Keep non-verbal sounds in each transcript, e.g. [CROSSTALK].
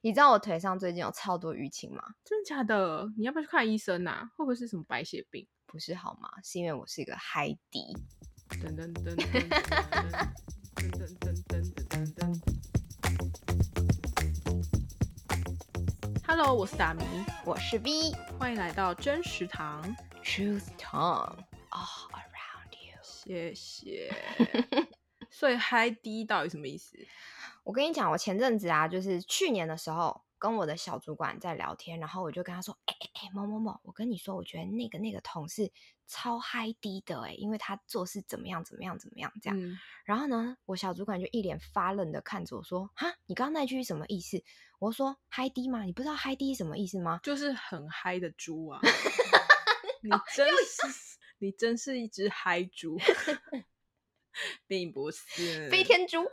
你知道我腿上最近有超多淤青嗎？真的假的？你要不要去看醫生吶、啊？會不會是什麼白血病？不是好嗎？是因為我是一個 High D。噔噔噔噔噔噔噔噔噔噔噔噔。Hello，我是大咪，我是 V，歡迎來到真實堂。 [MUSIC] Truth Tong，All Around You。謝謝。所以 High D 到底什麼意思？我跟你講，我前陣子啊，就是去年的時候，跟我的小主管在聊天，然後我就跟他說，哎哎哎，某某某，我跟你說，我覺得那個那個同事超 high D 的，欸，因為他做事怎麼樣怎麼樣怎麼樣這樣。嗯、然後呢，我小主管就一臉發愣的看着我說，哈，你剛剛那句什麼意思？我說 high D 嗎？你不知道 high D 什麼意思嗎？就是很嗨的豬啊！ [LAUGHS] 啊！你真是，你真是一隻嗨豬。 [LAUGHS] 並不是飛天豬，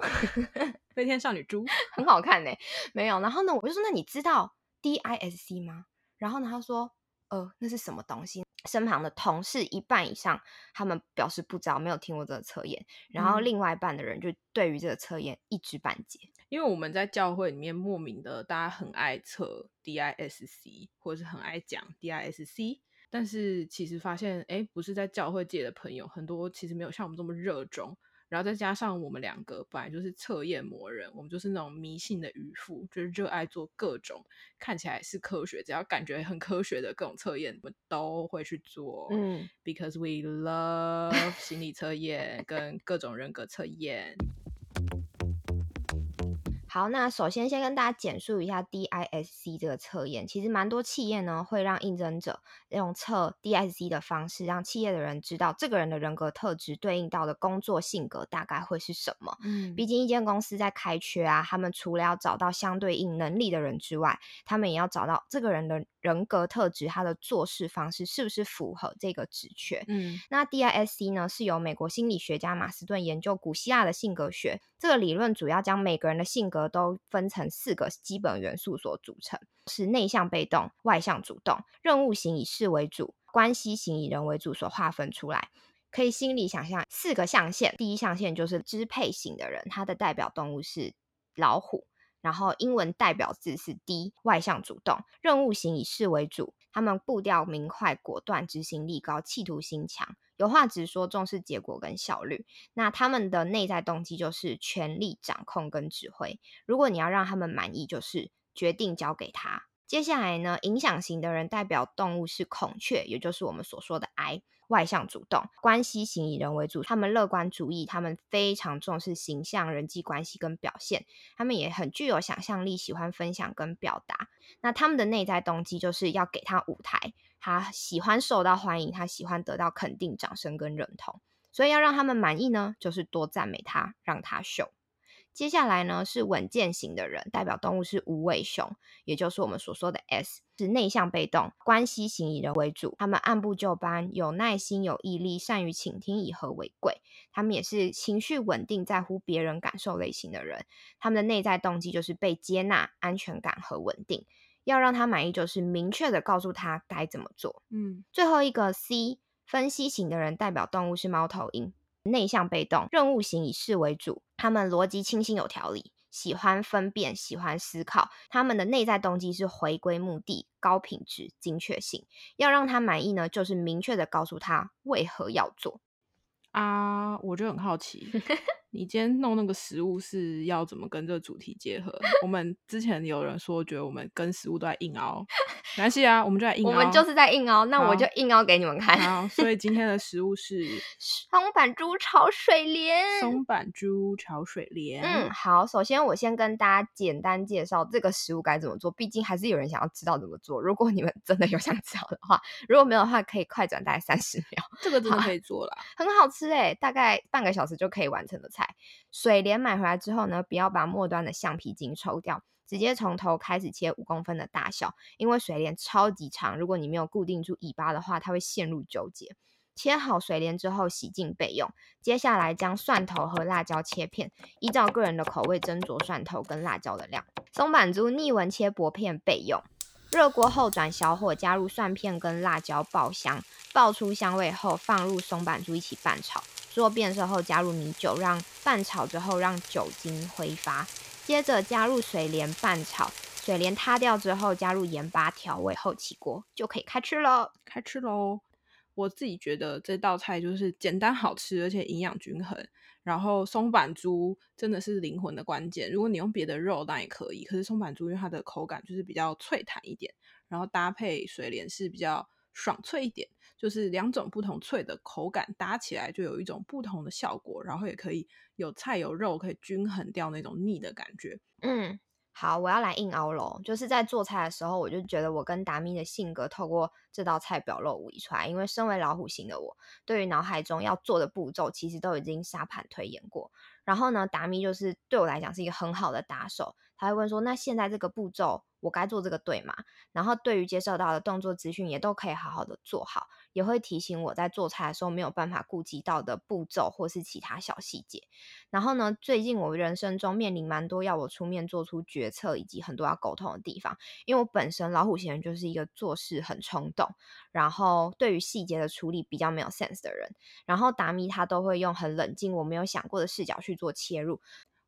飛 [LAUGHS] 天少女豬 [LAUGHS] 很好看呢、欸。沒有，然後呢，我就說那你知道 D I S C 嗎？然後呢，他說呃，那是什麼東西？身旁的同事一半以上，他們表示不知道，沒有聽過這個測驗。然後另外一半的人就對於這個測驗一知半解、嗯，因為我們在教會裡面莫名的，大家很愛測 D I S C，或者是很愛講 D I S C。但是其實發現，哎，不是在教會界的朋友很多，其實沒有像我們這麼熱衷。然後再加上我們兩個本來就是測驗魔人，我們就是那種迷信的愚婦，就是熱愛做各種看起來是科學，只要感覺很科學的各種測驗，我們都會去做。嗯，because we love 心理測驗跟各種人格測驗。好，那首先先跟大家簡述一下 DISC 這個測驗。其實蠻多企業呢會讓應徵者用測 DISC 的方式，讓企業的人知道這個人的人格特質對應到的工作性格大概會是什麼。嗯，畢竟一間公司在開缺啊，他們除了要找到相對應能力的人之外，他們也要找到這個人的人格特質，他的做事方式是不是符合這個職缺。嗯，那 DISC 呢是由美國心理學家馬斯頓研究古希臘的性格學，這個理論主要將每個人的性格，都分成四個基本元素所組成，是內向被動、外向主動、任務型以事為主、關係型以人為主所劃分出來。可以心裡想象四個象限，第一象限就是支配型的人，他的代表動物是老虎，然後英文代表字是 D，外向主動、任務型以事為主，他們步調明快、果斷、執行力高、企圖心強。有話直說，重視結果跟效率。那他們的內在動機就是權力掌控跟指揮。如果你要讓他們滿意，就是決定交給他。接下來呢，影響型的人代表動物是孔雀，也就是我們所說的 I。外向、主動、關係型、以人為主，他們樂觀主義，他們非常重視形象、人際關係跟表現，他們也很具有想象力，喜歡分享跟表達。那他們的內在動機就是要給他舞台，他喜歡受到歡迎，他喜歡得到肯定、掌聲跟認同。所以要讓他們滿意呢，就是多讚美他，讓他秀。接下來呢是穩健型的人，代表動物是無尾熊，也就是我們所說的 S。是內向被動關係型，以人為主，他們按部就班，有耐心，有毅力，善於傾聽，以和為貴。他們也是情緒穩定，在乎別人感受類型的人。他們的內在動機就是被接納、安全感和穩定。要讓他滿意，就是明確的告訴他該怎麼做。嗯，最後一個 C 分析型的人代表動物是貓頭鷹，內向被動任務型，以事為主，他們邏輯清晰，有條理。喜歡分辨、喜歡思考，他們的內在動機是回歸目的、高品質、精確性。要讓他滿意呢，就是明確的告訴他為何要做。啊，我就很好奇。 [LAUGHS] 你今天弄那個食物是要怎麼跟這個主題結合？ [LAUGHS] 我們之前有人說覺得我們跟食物都在硬凹，沒關係啊，我們就在硬凹，我們就是在硬凹，那我就硬凹給你們看。好，好，所以今天的食物是松阪豬炒水蓮，松阪豬炒水蓮。水嗯，好，首先我先跟大家簡單介紹這個食物該怎麼做，畢竟還是有人想要知道怎麼做。如果你們真的有想知道的話，如果沒有的話可以快轉大概三十秒，這個真的可以做了？很好吃哎、欸，大概半個小時就可以完成的菜。水蓮買回來之後呢，不要把末端的橡皮筋抽掉，直接從頭開始切五公分的大小，因為水蓮超級長，如果你沒有固定住尾巴的話，它會陷入糾結。切好水蓮之後，洗淨備用。接下來將蒜頭和辣椒切片，依照個人的口味斟酌蒜頭跟辣椒的量。松阪豬逆紋切薄片備用。熱鍋後轉小火，加入蒜片跟辣椒爆香，爆出香味後，放入松阪豬一起拌炒。做變色後，加入米酒，讓拌炒之後讓酒精揮發，接着加入水蓮拌炒，水蓮塌掉之後，加入鹽巴調味後起鍋，就可以開吃囉，開吃嘍！我自己覺得這道菜就是簡單好吃，而且營養均衡。然後松阪豬真的是靈魂的關鍵，如果你用別的肉當然也可以，可是松阪豬因為它的口感就是比較脆彈一點，然後搭配水蓮是比較爽脆一點，就是兩種不同脆的口感搭起來，就有一種不同的效果。然後也可以有菜有肉，可以均衡掉那種膩的感覺。嗯，好，我要來硬凹嘍。就是在做菜的時候，我就覺得我跟達咪的性格透過這道菜表露無遺出來。因為身為老虎型的我，對於腦海中要做的步驟，其實都已經沙盤推演過。然後呢，達咪就是對我來講是一個很好的打手。他會問說：“那現在這個步驟我該做這個對嗎？”然後對於接受到的動作資訊也都可以好好的做好，也會提醒我在做菜的時候沒有辦法顧及到的步驟或是其他小細節。然後呢，最近我人生中面臨蠻多要我出面做出決策以及很多要溝通的地方，因為我本身老虎型人就是一個做事很衝動，然後對於細節的處理比較沒有 sense 的人。然後達咪他都會用很冷靜我沒有想過的視角去做切入。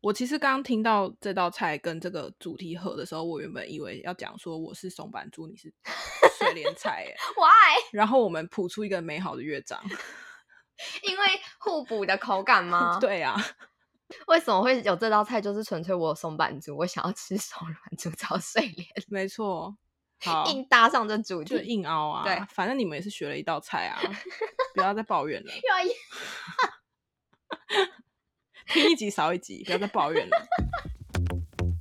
我其實剛,剛聽到這道菜跟這個主題合的時候，我原本以為要講說我是松阪豬，你是水蓮菜耶，哎 [LAUGHS] w Why? 然後我們譜出一個美好的樂章，因為互補的口感嗎？ [LAUGHS] 對啊。為什麼會有這道菜？就是純粹我有松阪豬，我想要吃松阪豬炒水蓮，沒錯， [LAUGHS] 硬搭上這主角，硬凹啊。對，反正你們也是學了一道菜啊， [LAUGHS] 不要再抱怨了。 [LAUGHS] 聽一集少一集，不要再抱怨了。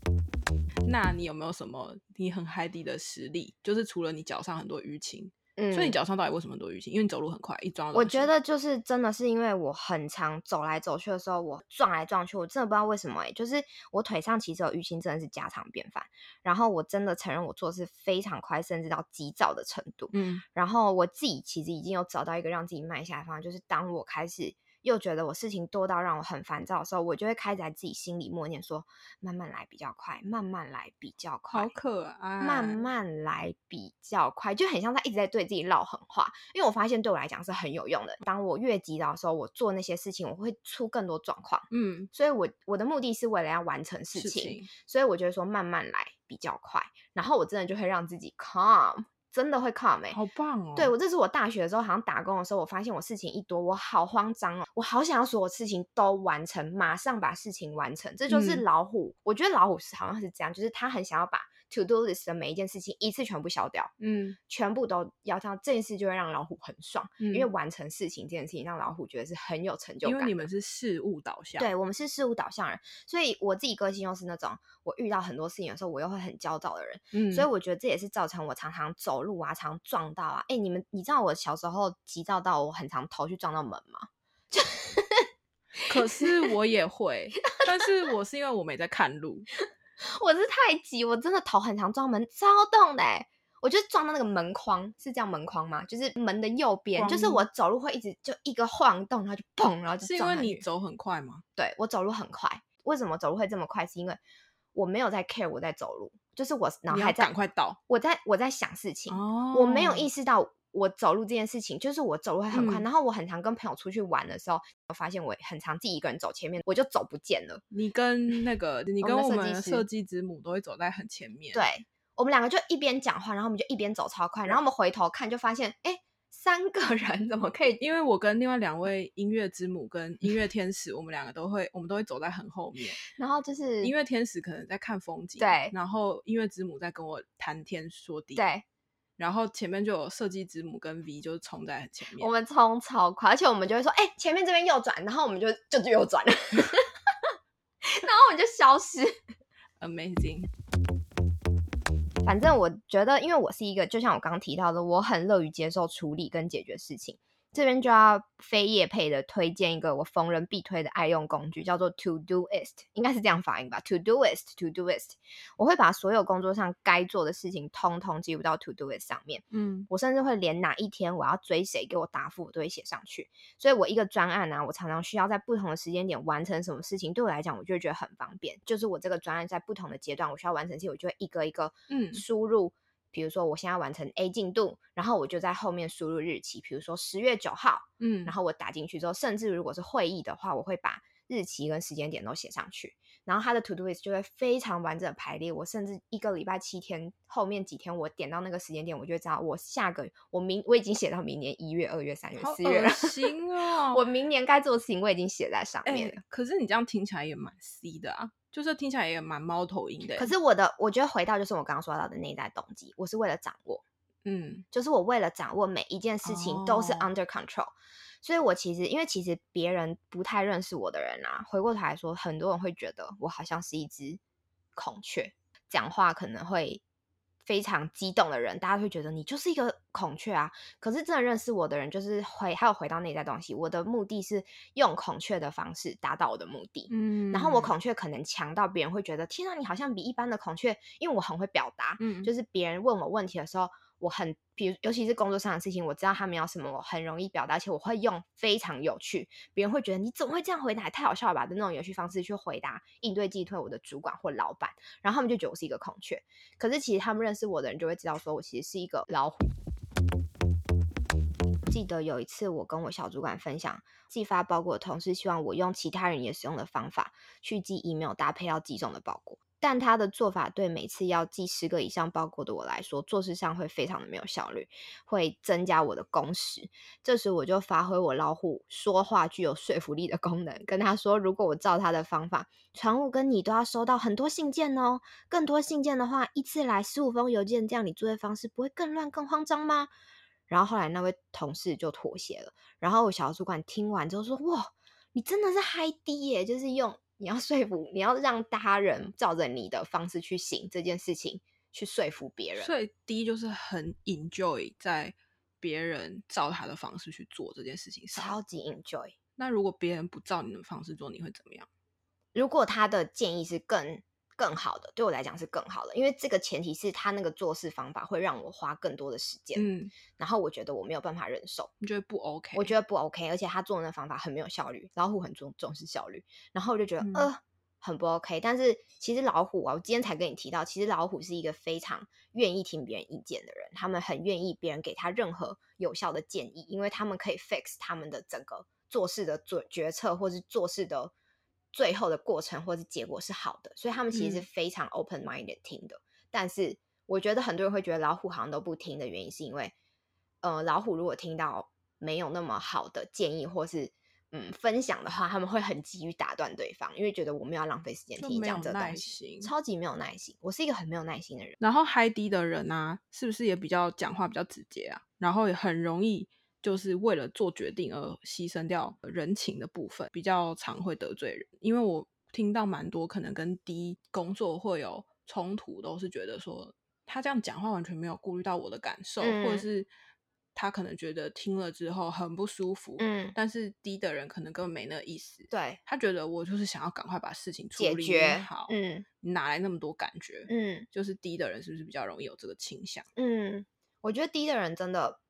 [LAUGHS] 那你有沒有什麼你很嗨迪的實力？就是除了你腳上很多淤青，嗯，所以你腳上到底為什麼很多淤青因為你走路很快，一撞到。我覺得就是真的是因為我很常走來走去的時候，我撞來撞去，我真的不知道為什麼、欸。就是我腿上其實有淤青，真的是家常便飯。然後我真的承認我做事非常快，甚至到急躁的程度。嗯，然後我自己其實已經有找到一個讓自己慢下來的方法，就是當我開始又覺得我事情多到讓我很煩躁的時候，我就會開始在自己心裡默念說：“慢慢來比較快，慢慢來比較快，好可愛，慢慢來比較快，就很像他一直在對自己撂狠話。”因為我發現對我來講是很有用的。當我越急躁的時候，我做那些事情我會出更多狀況。嗯，所以我我的目的是為了要完成事情，事情，所以我覺得說慢慢來比較快，然後我真的就會讓自己 calm。真的會靠美、欸，好棒哦！對我，這是我大學的時候，好像打工的時候，我發現我事情一多，我好慌張哦，我好想要所有事情都完成，馬上把事情完成。這就是老虎，嗯、我覺得老虎是好像是這樣，就是他很想要把。to do this 的每一件事情一次全部消掉，嗯，全部都要他，這件事就會讓老虎很爽，嗯、因為完成事情這件事情讓老虎覺得是很有成就感的。因為你們是事務導向，對，我們是事務導向人，所以我自己個性又是那種我遇到很多事情的時候，我又會很焦躁的人，嗯、所以我覺得這也是造成我常常走路啊，常常撞到啊。哎、欸，你們你知道我小時候急躁到我很常頭去撞到門嗎？就可是我也會， [LAUGHS] 但是我是因為我沒在看路。我是太急，我真的頭很常撞門，超痛的、欸。我就是撞到那個門框，是叫門框嗎？就是門的右邊，明就是我走路會一直就一個晃動，然後就砰，然後就撞。是因為你走很快嗎？對，我走路很快。為什麼走路會這麼快？是因為我沒有在 care 我在走路，就是我腦海在趕快倒。我在我在想事情，哦、我沒有意識到。我走路這件事情，就是我走路會很快，嗯、然後我很常跟朋友出去玩的時候，我發現我很常自己一個人走前面，我就走不見了。你跟那個， [LAUGHS] 你跟我們的設計之母都會走在很前面。對，我們兩個就一邊講話，然後我們就一邊走超快，然後我們回頭看就發現，哎哇，三個人怎麼可以？因為我跟另外兩位音樂之母跟音樂天使， [LAUGHS] 我們兩個都會，我們都會走在很後面。然後就是音樂天使可能在看風景，對，然後音樂之母在跟我談天說地，對。然後前面就有設計字母跟 V，就是衝在前面。我們衝超快，而且我們就會說，哎、欸，前面這邊右轉，然後我們就就就右轉， [LAUGHS] [LAUGHS] 然後我們就消失。Amazing。反正我覺得，因為我是一個，就像我剛剛提到的，我很樂於接受處理跟解決事情。這邊就要非業配的推薦一個我逢人必推的愛用工具，叫做 Todoist，應該是這樣發音吧？Todoist，Todoist，Do 我會把所有工作上該做的事情通通記錄到 Todoist 上面。嗯，我甚至會連哪一天我要追誰給我答復，我都會寫上去。所以我一個專案啊，我常常需要在不同的時間點完成什麼事情，對我來講，我就會覺得很方便。就是我這個專案在不同的階段，我需要完成事情，我就會一個一個嗯輸入。嗯比如說，我現在完成 A 進度，然後我就在後面輸入日期，比如說十月九號，嗯，然後我打進去之後，甚至如果是會議的話，我會把日期跟時間點都寫上去。然後它的 to-do list 就會非常完整排列。我甚至一個禮拜七天後面幾天，我點到那個時間點，我就知道我下個我明，我已經寫到明年一月、二月、三月、四月。噁心哦！我明年該做的事情我已經寫在上面，欸，可是你這樣聽起來也蠻 C 的啊，就是聽起來也蠻貓頭鷹的。可是我的，我覺得回到就是我剛剛說到的內在動機，我是為了掌握。嗯，就是我為了掌握每一件事情都是 under control，哦，所以我其實因為其實別人不太認識我的人啊，回過頭來說，很多人會覺得我好像是一隻孔雀，講話可能會非常激動的人，大家會覺得你就是一個孔雀啊。可是真的認識我的人，就是回還有回到內在東西，我的目的是用孔雀的方式達到我的目的。嗯，然後我孔雀可能強到別人會覺得，天吶，天啊，你好像比一般的孔雀，因為我很會表達，嗯，就是別人問我問題的時候。我很，比如尤其是工作上的事情，我知道他們要什麼我很容易表達，而且我會用非常有趣，別人會覺得你怎麼會這樣回答，太好笑了吧？的那種有趣方式去回答應對擊退我的主管或老闆，然後他們就覺得我是一個孔雀，可是其實他們認識我的人就會知道，說我其實是一個老虎。 [MUSIC] 記得有一次我跟我小主管分享寄發包裹的同事希望我用其他人也使用的方法去寄 email 搭配要寄送的包裹。但他的做法對每次要寄十個以上包裹的我來說，做事上會非常的沒有效率，會增加我的工時。這時我就發揮我老虎說話具有說服力的功能，跟他說：如果我照他的方法，船務跟你都要收到很多信件哦。更多信件的話，一次來十五封郵件，這樣你作業方式不會更亂更慌張嗎？然後後來那位同事就妥協了。然後我小主管聽完之後說：哇，你真的是 high D 耶，就是用。你要說服，你要讓他人照着你的方式去行這件事情，去說服別人。所以，第一就是很 enjoy 在別人照他的方式去做這件事情上，超級 enjoy。那如果別人不照你的方式做，你會怎麼樣？如果他的建議是更……更好的，對我來講是更好的，因為這個前提是他那個做事方法會讓我花更多的時間，嗯，然後我覺得我沒有辦法忍受，我覺得不 OK，我覺得不 OK，而且他做的那方法很沒有效率，老虎很重重視效率，然後我就覺得、嗯、呃很不 OK，但是其實老虎啊，我今天才跟你提到，其實老虎是一個非常願意聽別人意見的人，他們很願意別人給他任何有效的建議，因為他們可以 fix 他們的整個做事的做決策或是做事的。最後的過程或是結果是好的，所以他們其實是非常 open minded 聽的。嗯、但是我覺得很多人會覺得老虎好像都不聽的原因，是因為，呃，老虎如果聽到沒有那麼好的建議或是嗯分享的話，他們會很急於打斷對方，因為覺得我們要浪費時間聽你講這東西，超級沒有耐心。我是一個很沒有耐心的人。然後 high D、e、的人呢、啊，是不是也比較講話比較直接啊？然後也很容易。就是為了做決定而犧牲掉人情的部分，比較常會得罪人。因為我聽到蠻多，可能跟 D 工作會有衝突，都是覺得說他這樣講話完全沒有顧慮到我的感受，嗯、或者是他可能覺得聽了之後很不舒服。嗯，但是 D 的人可能根本沒那個意思。對、嗯，他覺得我就是想要趕快把事情處理好。嗯，哪來那麼多感覺？嗯，就是 D 的人是不是比較容易有這個傾向？嗯，我覺得 D 的人真的。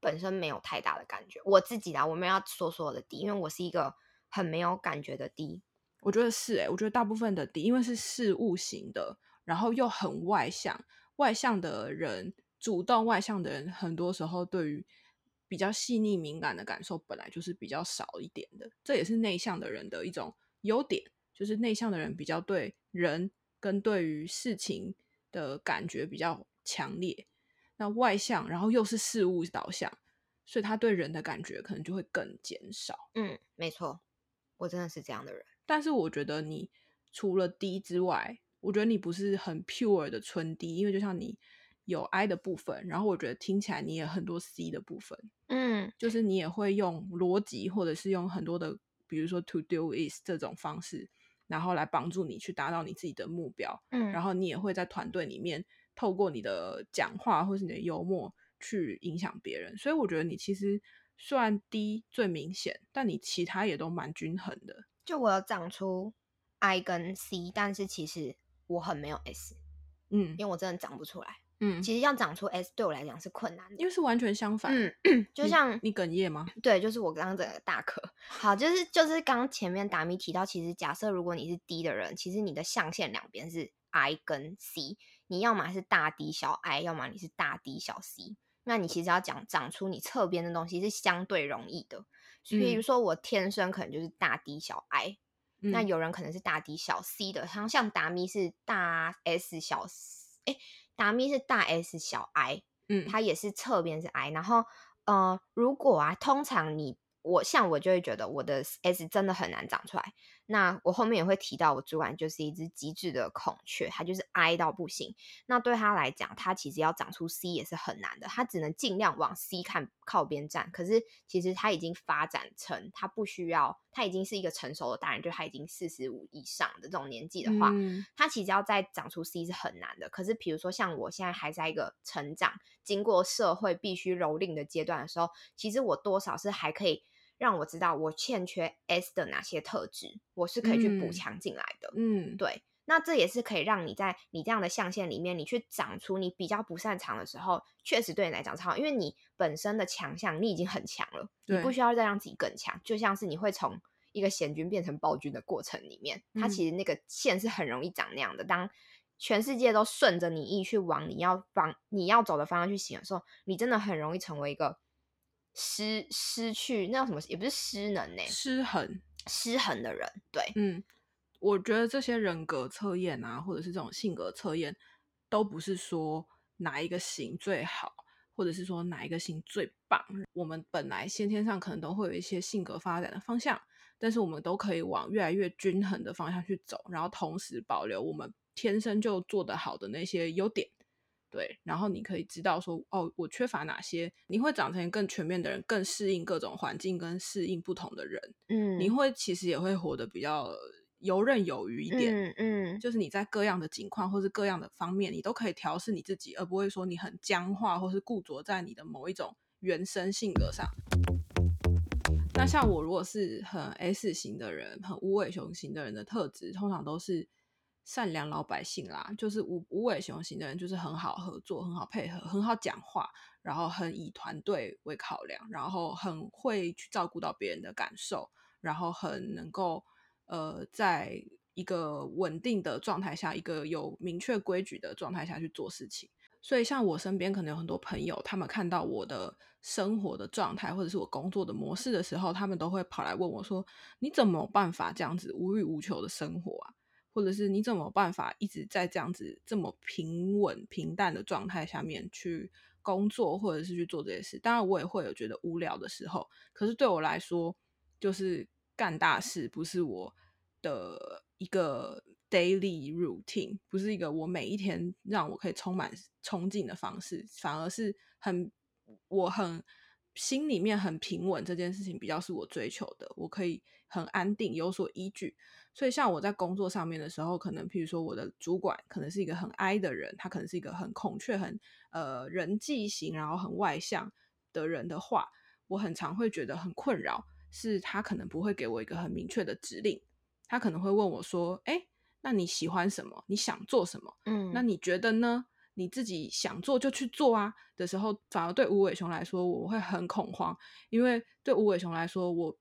本身沒有太大的感覺，我自己的、啊、我沒有要說說的 D，因為我是一個很沒有感覺的 D。我覺得是哎、欸，我覺得大部分的 D，因為是事物型的，然後又很外向，外向的人，主動外向的人，很多時候對於比較細膩敏感的感受，本來就是比較少一點的。這也是內向的人的一種優點，就是內向的人比較對人跟對於事情的感覺比較強烈。那外向，然後又是事物導向，所以他對人的感覺可能就會更減少。嗯，沒錯，我真的是這樣的人。但是我覺得你除了 D 之外，我覺得你不是很 pure 的純 D，因為就像你有 I 的部分，然後我覺得聽起來你也很多 C 的部分。嗯，就是你也會用邏輯，或者是用很多的，比如說 to do is 這種方式，然後來幫助你去達到你自己的目標。嗯，然後你也會在團隊裡面。透過你的講話或是你的幽默去影響別人，所以我覺得你其實雖然 D 最明顯，但你其他也都蠻均衡的。就我要長出 I 跟 C，但是其實我很沒有 S，, 嗯， 因為我真的長不出來，嗯，其實要長出 S 對我來講是困難的，因為是完全相反，嗯， [COUGHS] 就像你，你哽咽嗎？對，就是我剛剛整個大咳。好，就是就是剛前面達米提到，其實假設如果你是 D 的人，其實你的象限兩邊是。I 跟 C，你要嘛是大 D 小 I，要麼你是大 D 小 C。那你其實要講長出你側邊的東西是相對容易的。所以比如說我天生可能就是大 D 小 I，、嗯、那有人可能是大 D 小 C 的。然後像達咪是大 S 小 C，、欸，哎，達咪是大 S 小 I，它、嗯、他也是側邊是 I。然後、呃、如果啊，通常你我像我就會覺得我的 S 真的很難長出來。那我後面也會提到，我主管就是一隻極致的孔雀，它就是 I 到不行。那對他來講，他其實要長出 C 也是很難的，他只能盡量往 C 看，靠邊站。可是其實他已經發展成，他不需要，他已經是一個成熟的大人，就他已經四十五以上的這種年紀的話，他、嗯、其實要再長出 C 是很難的。可是比如說像我現在還在一個成長、經過社會必須蹂躪的階段的時候，其實我多少是還可以，讓我知道我欠缺 S 的哪些特質，我是可以去補強進來的。嗯，嗯對，那這也是可以讓你在你這樣的象限裡面，你去長出你比較不擅長的時候，確實對你來講超好，因為你本身的強項你已經很強了，對你不需要再讓自己更強。就像是你會從一個賢君變成暴君的過程裡面，它其實那個線是很容易長那樣的。嗯、當全世界都順着你意去往你要往你要走的方向去行的時候，你真的很容易成為一個。失，失去那什麼？也不是失能呢、欸，失衡，失衡的人，對，嗯，我覺得這些人格測驗啊，或者是這種性格測驗，都不是說哪一個型最好，或者是說哪一個型最棒。我們本來先天上可能都會有一些性格發展的方向，但是我們都可以往越來越均衡的方向去走，然後同時保留我們天生就做得好的那些優點。對，然後你可以知道說，哦，我缺乏哪些，你會長成更全面的人，更適應各種環境，跟適應不同的人，嗯，你會其實也會活得比較游刃有餘一點，嗯，嗯，就是你在各樣的境況，或是各樣的方面，你都可以調試你自己，而不會說你很僵化，或是固着在你的某一種原生性格上。那像我如果是很 S 型的人，很無尾熊型的人的特質，通常都是。善良老百姓啦，就是無無尾熊型的人，就是很好合作、很好配合、很好講話，然後很以團隊為考量，然後很會去照顧到別人的感受，然後很能夠呃，在一個穩定的狀態下、一個有明確規矩的狀態下去做事情。所以，像我身邊可能有很多朋友，他們看到我的生活的狀態或者是我工作的模式的時候，他們都會跑來問我說：“你怎麼辦法這樣子無欲無求的生活啊？”或者是你怎麼辦法一直在這樣子這麼平穩平淡的狀態下面去工作，或者是去做這些事？當然我也會有覺得無聊的時候，可是對我來說，就是幹大事不是我的一個 daily routine，不是一個我每一天讓我可以充滿憧憬的方式，反而是很我很心裡面很平穩這件事情比較是我追求的，我可以。很安定，有所依據。所以，像我在工作上面的時候，可能，譬如說，我的主管可能是一個很 I 的人，他可能是一個很孔雀，很呃人際型，然後很外向的人的話，我很常會覺得很困擾，是他可能不會給我一個很明確的指令，他可能會問我說：“誒、欸，那你喜歡什麼？你想做什麼？嗯，那你覺得呢？你自己想做就去做啊。”的時候，反而對無尾熊來說，我會很恐慌，因為對無尾熊來說，我。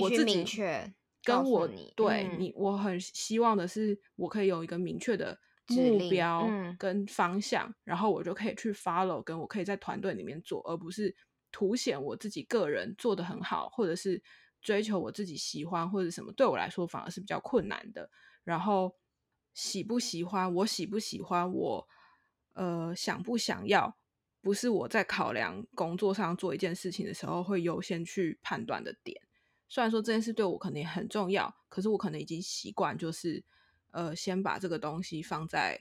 我自己明確跟我對你，我很希望的是，我可以有一個明確的目標跟方向，然後我就可以去 follow，跟我可以在團隊裡面做，而不是凸顯我自己個人做得很好，或者是追求我自己喜歡或者什麼。對我來說，反而是比較困難的。然後喜不喜歡，我喜不喜歡，我呃想不想要，不是我在考量工作上做一件事情的時候會優先去判斷的點。雖然說這件事對我肯定很重要，可是我可能已經習慣，就是，呃，先把這個東西放在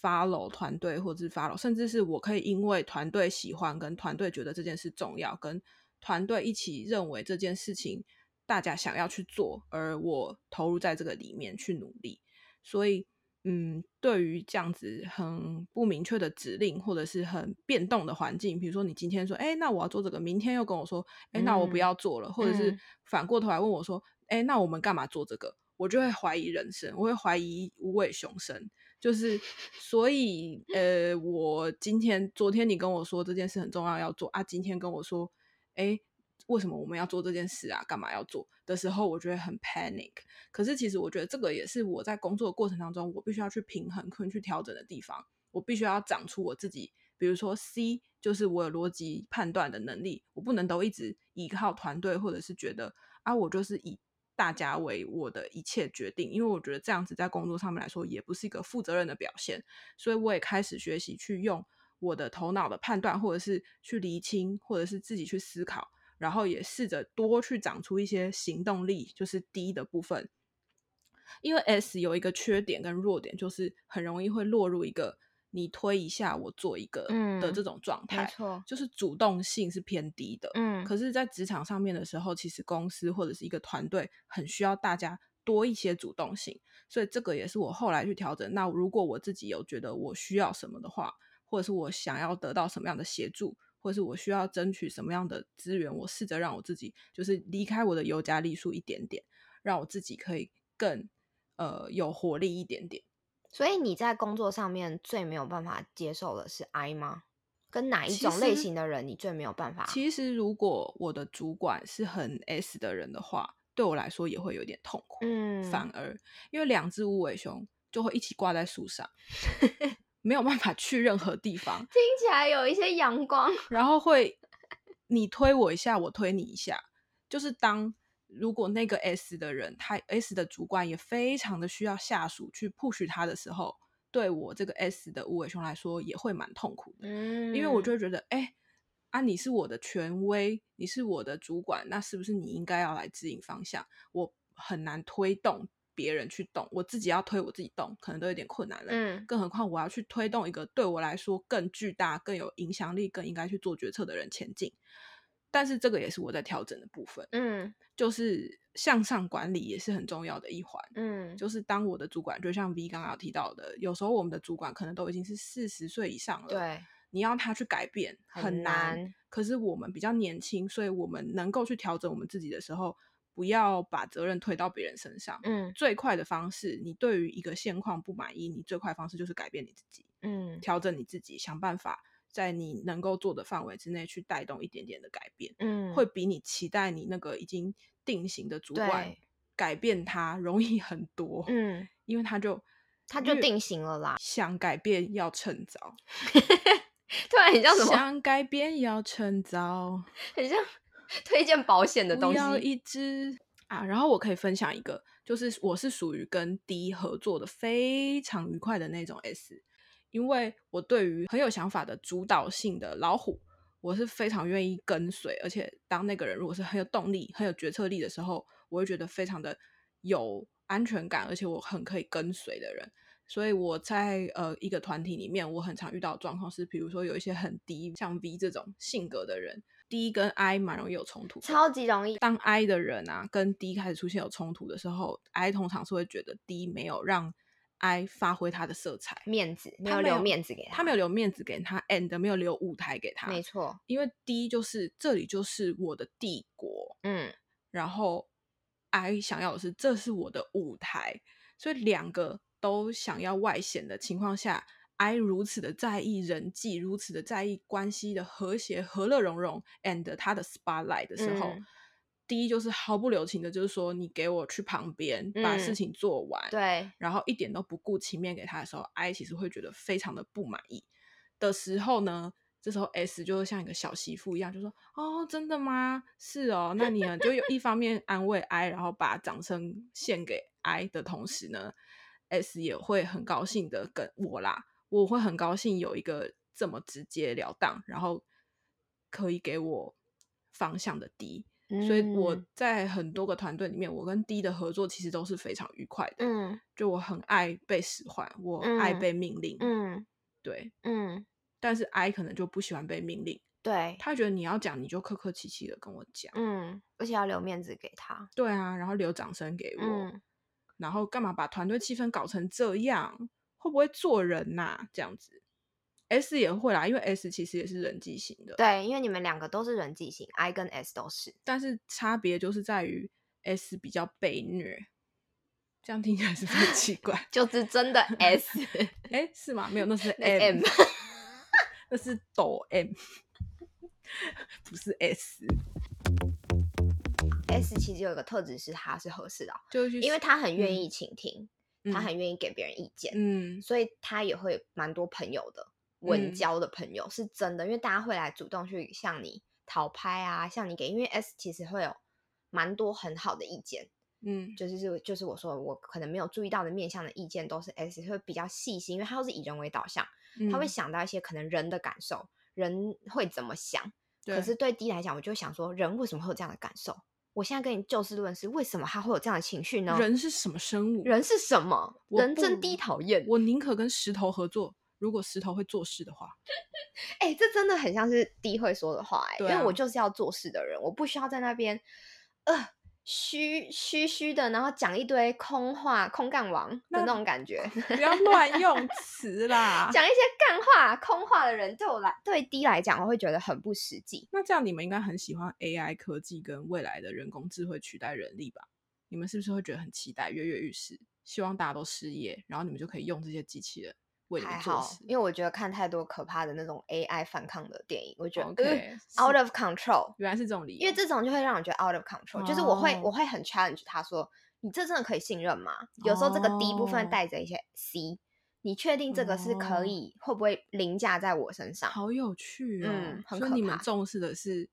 follow 團隊，或者 follow，甚至是我可以因為團隊喜歡，跟團隊覺得這件事重要，跟團隊一起認為這件事情大家想要去做，而我投入在這個裡面去努力，所以。嗯，對於這樣子很不明確的指令，或者是很變動的環境，比如說你今天說，哎、欸，那我要做這個，明天又跟我說，哎、欸，那我不要做了，嗯、或者是反過頭來問我說，哎、欸，那我們幹嘛做這個？我就會懷疑人生，我會懷疑無尾熊生，就是所以，呃，我今天、昨天你跟我說這件事很重要要做啊，今天跟我說，哎、欸。為什麼我們要做這件事啊？幹嘛要做的時候，我覺得很 panic。可是其實我覺得這個也是我在工作的過程當中，我必須要去平衡、去調整的地方。我必須要長出我自己，比如說 C，就是我有邏輯判斷的能力，我不能都一直依靠團隊，或者是覺得啊，我就是以大家為我的一切決定，因為我覺得這樣子在工作上面來說，也不是一個負責任的表現。所以我也開始學習去用我的頭腦的判斷，或者是去釐清，或者是自己去思考。然後也試着多去長出一些行動力，就是低的部分，因為 S 有一個缺點跟弱點，就是很容易會落入一個你推一下我做一個的這種狀態，沒錯，就是主動性是偏低的。嗯，可是，在職場上面的時候，其實公司或者是一個團隊很需要大家多一些主動性，所以這個也是我後來去調整。那如果我自己有覺得我需要什麼的話，或者是我想要得到什麼樣的協助。或是我需要爭取什麼樣的資源？我試着讓我自己，就是離開我的尤加利樹一點點，讓我自己可以更呃有活力一點點。所以你在工作上面最沒有辦法接受的是 I 嗎？跟哪一種類型的人你最沒有辦法其？其實如果我的主管是很 S 的人的話，對我來說也會有點痛苦。嗯，反而因為兩隻無尾熊就會一起掛在樹上。 [LAUGHS] 沒有辦法去任何地方，聽起來有一些陽光，然後會你推我一下，我推你一下。就是當如果那個 S 的人，他 S 的主管也非常的需要下屬去 push 他的時候，對我這個 S 的無尾熊來說，也會蠻痛苦的，嗯、因為我就會覺得，哎、欸，啊，你是我的權威，你是我的主管，那是不是你應該要來指引方向？我很難推動。別人去動，我自己要推，我自己動，可能都有點困難了。嗯，更何況我要去推動一個對我來說更巨大、更有影響力、更應該去做決策的人前進。但是這個也是我在調整的部分。嗯，就是向上管理也是很重要的一環。嗯，就是當我的主管，就像 V 剛剛剛有提到的，有時候我們的主管可能都已經是四十歲以上了。對，你要他去改變很難，很難。可是我們比較年輕，所以我們能夠去調整我們自己的時候。不要把責任推到別人身上。嗯，最快的方式，你對於一個現況不滿意，你最快的方式就是改變你自己。嗯，調整你自己，想辦法在你能夠做的範圍之內去帶動一點點的改變。嗯，會比你期待你那個已經定型的主管對改變他容易很多。嗯，因為他就他就定型了啦。想改變要趁早，對吧？突然很像什麼？想改變要趁早， [LAUGHS] 很像。推薦保險的東西，要一只啊，然後我可以分享一個，就是我是屬於跟 D 合作的非常愉快的那種 S，因為我對於很有想法的主導性的老虎，我是非常願意跟隨，而且當那個人如果是很有動力、很有決策力的時候，我會覺得非常的有安全感，而且我很可以跟隨的人，所以我在呃一個團體裡面，我很常遇到的狀況是，比如說有一些很 D 像 V 這種性格的人。D 跟 I 蠻容易有衝突，超級容易。當 I 的人啊，跟 D 開始出現有衝突的時候，嗯，I 通常是會覺得 D 沒有讓 I 發揮他的色彩、面子，他沒有，沒有留面子給他，他沒有留面子給他，and 沒有留舞台給他。沒錯，因為 D 就是這裡就是我的帝國，嗯，然後 I 想要的是這是我的舞台，所以兩個都想要外顯的情況下。I 如此的在意人際，如此的在意關係的和諧、和樂融融，and 他的 spotlight 的時候，嗯、第一就是毫不留情的，就是說你給我去旁邊把事情做完，嗯、對，然後一點都不顧情面給他的時候，I 其實會覺得非常的不滿意的時候呢，這時候 S 就會像一個小媳婦一樣，就說：“哦，真的嗎？是哦，那你呢就有一方面安慰 I， [LAUGHS] 然後把掌聲獻給 I 的同時呢，S 也會很高興的跟我啦。”我會很高興有一個這麼直截了當，然後可以給我方向的 D。嗯，所以我在很多個團隊裡面，我跟 D 的合作其實都是非常愉快的。嗯，就我很愛被使喚，我愛被命令。嗯，對，嗯，但是 I 可能就不喜歡被命令。對，嗯，他覺得你要講，你就客客氣氣的跟我講。嗯，而且要留面子給他。對啊，然後留掌聲給我，嗯，然後幹嘛把團隊氣氛搞成這樣？會不會做人吶、啊？這樣子，S 也會啦，因為 S 其實也是人際型的。對，因為你們兩個都是人際型，I 跟 S 都是，但是差別就是在於 S 比較被虐。這樣聽起來是不是很奇怪？ [LAUGHS] 就是真的 S，哎、 [LAUGHS] 欸，是嗎？沒有，那是 M，, 那, M [LAUGHS] [LAUGHS] 那是抖 D M， [LAUGHS] 不是 S。S, S 其實有一個特質是他是和事佬、哦，就是因為他很願意傾聽。嗯他很願意給別人意見，嗯，所以他也會蠻多朋友的，文交的朋友、嗯、是真的，因為大家會來主動去向你討拍啊，向你給，因為 S 其實會有蠻多很好的意見，嗯，就是就是我說的我可能沒有注意到的面向的意見，都是 S 會比較細心，因為他都是以人為導向，他會想到一些可能人的感受，人會怎麼想，嗯、可是對 D 來講，我就想說人為什麼會有這樣的感受？我現在跟你就事論事，為什麼他會有這樣的情緒呢？人是什麼生物？人是什麼？不人真 D 討厭。我寧可跟石頭合作，如果石頭會做事的話。哎 [LAUGHS] 欸，這真的很像是 D 會說的話哎、欸，啊、因為我就是要做事的人，我不需要在那邊，呃。虛虛虛的，然後講一堆空話、空幹王的那種感覺，不要亂用詞啦。 [LAUGHS] 講一些幹話、空話的人，對我來對 D 來講，我會覺得很不實際。那這樣你們應該很喜歡 AI 科技跟未來的人工智慧取代人力吧？你們是不是會覺得很期待、躍躍欲試？希望大家都失業，然後你們就可以用這些機器人。還好，因為我覺得看太多可怕的那種 AI 反抗的電影，我覺得 Out of Control 原來是這種理由。因為這種就會讓我覺得 Out of Control，就是我會我會很 challenge 他說，你這真的可以信任嗎？有時候這個 D 部分帶着一些 C，你確定這個是可以會不會凌駕在我身上？好有趣哦，所以你們重視的是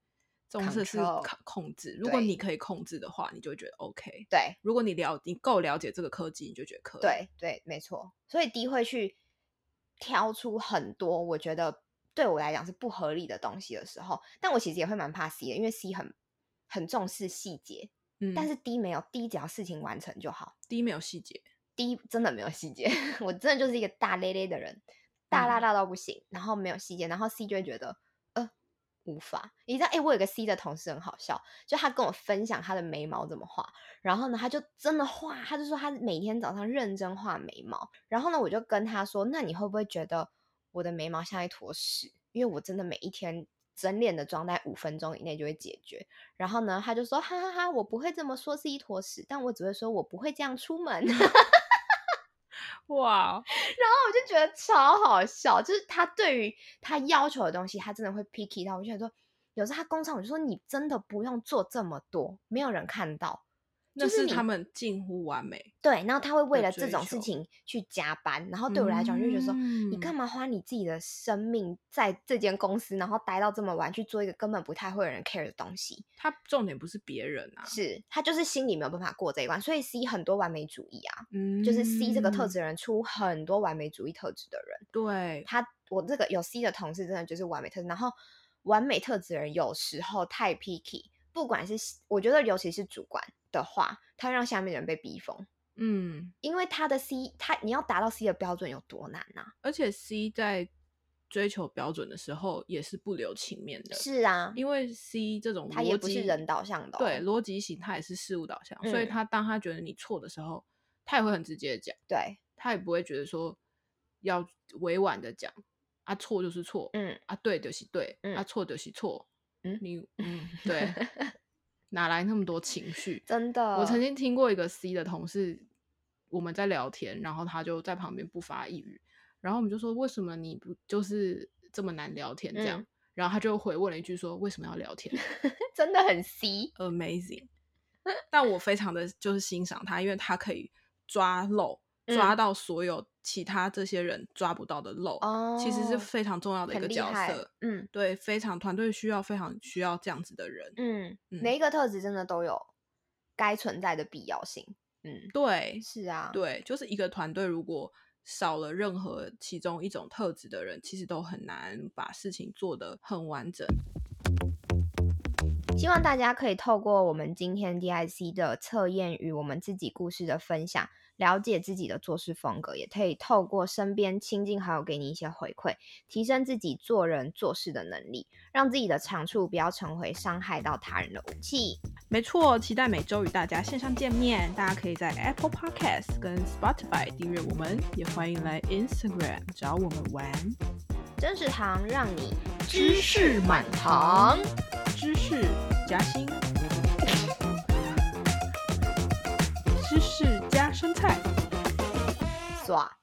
重視的是控制，如果你可以控制的話，你就覺得 OK。對，如果你了你夠了解這個科技，你就覺得可以。對對，沒錯，所以 D 會去。挑出很多，我覺得對我來講是不合理的東西的時候，但我其實也會蠻怕 C 的，因為 C 很很重視細節，嗯，但是 D 沒有，D 只要事情完成就好，D 沒有細節，D 真的沒有細節，我真的就是一個大咧咧的人，大剌剌到不行，嗯、然後沒有細節，然後 C 就會覺得，無法，你知道，哎、欸，我有個 C 的同事很好笑，就他跟我分享他的眉毛怎麼畫，然後呢，他就真的畫，他就說他每天早上認真畫眉毛，然後呢，我就跟他說，那你會不會覺得我的眉毛像一坨屎？因為我真的每一天整臉的妝在五分鐘以內就會解決，然後呢，他就說哈哈哈，我不會這麼說是一坨屎，但我只會說我不會這樣出門。 [LAUGHS] 哇，Wow. 然後我就覺得超好笑，就是他對於他要求的東西，他真的會 picky 到。我就想說，有時候他工廠，我就說你真的不用做這麼多，沒有人看到。就是那是他們近乎完美，對。然後他會為了這種事情去加班，然後對我來講就覺得說：“嗯、你干嘛花你自己的生命在這間公司，然後待到這麼晚去做一個根本不太會有人 care 的東西？”他重點不是別人啊，是他就是心裡沒有辦法過這一關，所以 C 很多完美主義啊，嗯，就是 C 這個特質人出很多完美主義特質的人。對，他我這個有 C 的同事真的就是完美特質，然後完美特質人有時候太 picky，不管是我覺得尤其是主管。的話，他會讓下面人被逼瘋。嗯，因為他的 C，他你要達到 C 的標準有多難呢、啊？而且 C 在追求標準的時候也是不留情面的。是啊，因為 C 這種他也不是人導向的、哦，對邏輯型他也是事物導向，嗯、所以他當他覺得你錯的時候，他也會很直接的講。對，他也不會覺得說要委婉的講啊，錯就是錯，嗯啊，對就是對，嗯、啊錯就是錯、嗯，嗯你嗯對。 [LAUGHS] 哪來那麼多情緒？真的，我曾經聽過一個 C 的同事，我們在聊天，然後他就在旁邊不發一語，然後我們就說：“為什麼你不就是這麼難聊天？”這樣，嗯、然後他就回問了一句說：“為什麼要聊天？”真的很 C，amazing，但我非常的就是欣賞他，因為他可以抓漏，抓到所有。其他這些人抓不到的漏，哦，其實是非常重要的一個角色。嗯，對，非常團隊需要非常需要這樣子的人。嗯，嗯，每一個特質真的都有該存在的必要性。嗯，對，是啊，對，就是一個團隊如果少了任何其中一種特質的人，其實都很難把事情做得很完整。希望大家可以透過我們今天 DISC 的測驗與我們自己故事的分享，了解自己的做事風格，也可以透過身邊親近好友給你一些回饋，提升自己做人做事的能力，讓自己的長處不要成為傷害到他人的武器。沒錯，期待每周與大家線上見面，大家可以在 Apple Podcast 跟 Spotify 訂閱我們，也歡迎來 Instagram 找我們玩。芝士糖讓你芝士滿堂，芝士夾心，芝士加生菜，耍。